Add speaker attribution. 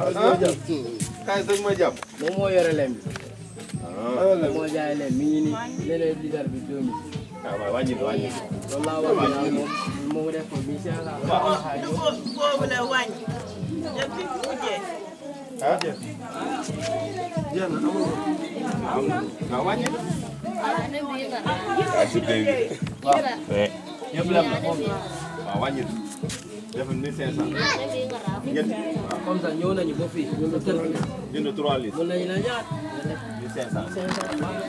Speaker 1: ah kaay sëñ ma jàpp. moom moo yore lem bi. ah moo jaay lem mi ngi nii léeg-léeg litre bi deux mille. waaw ah, waaw wàññi ko wàññi ko. loolu laa war moom moo def ko bi incha allah. waaw
Speaker 2: boobu la wàññi. def fi mu mujjee.
Speaker 1: ah jërëjëf. jeex na amul woon. waaw wàññi.
Speaker 2: Ah, ah su dee. waaw. Eh. yëpp la
Speaker 3: waaw wàññil defal 1500.
Speaker 2: ñett waaw
Speaker 3: comme ça ñëw nañu ba fii. jënd 3 litres. mën nañu la ñaar. 1500.